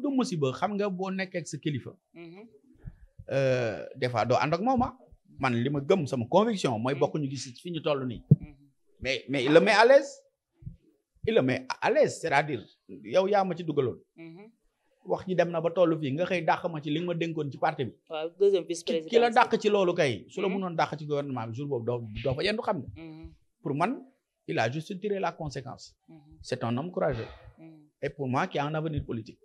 du musiba xam nga bo nek ak sa kilifa. Mhm. Euh, des fois do ànd ak moom ah. man li ma gëm sama conviction moy mhm. bokku ñu gis fi ñu tollu ni mhm. mais mais il le met à l'aise il le met à l'aise c'est-à-dire yow ya ma ci dugaloon. wax ñi dem na ba tollu fi nga xey dakh ma ci li nga ma dénkoon ci parti bi. waaw deuxième vice président ki la dakh ci lolu kay. su la mënon dakh ci gouvernement bi jour bob do do fa yendu xam pour man il a juste tiré la conséquence. c'est un homme courageux. et pour moi qui a un avenir politique.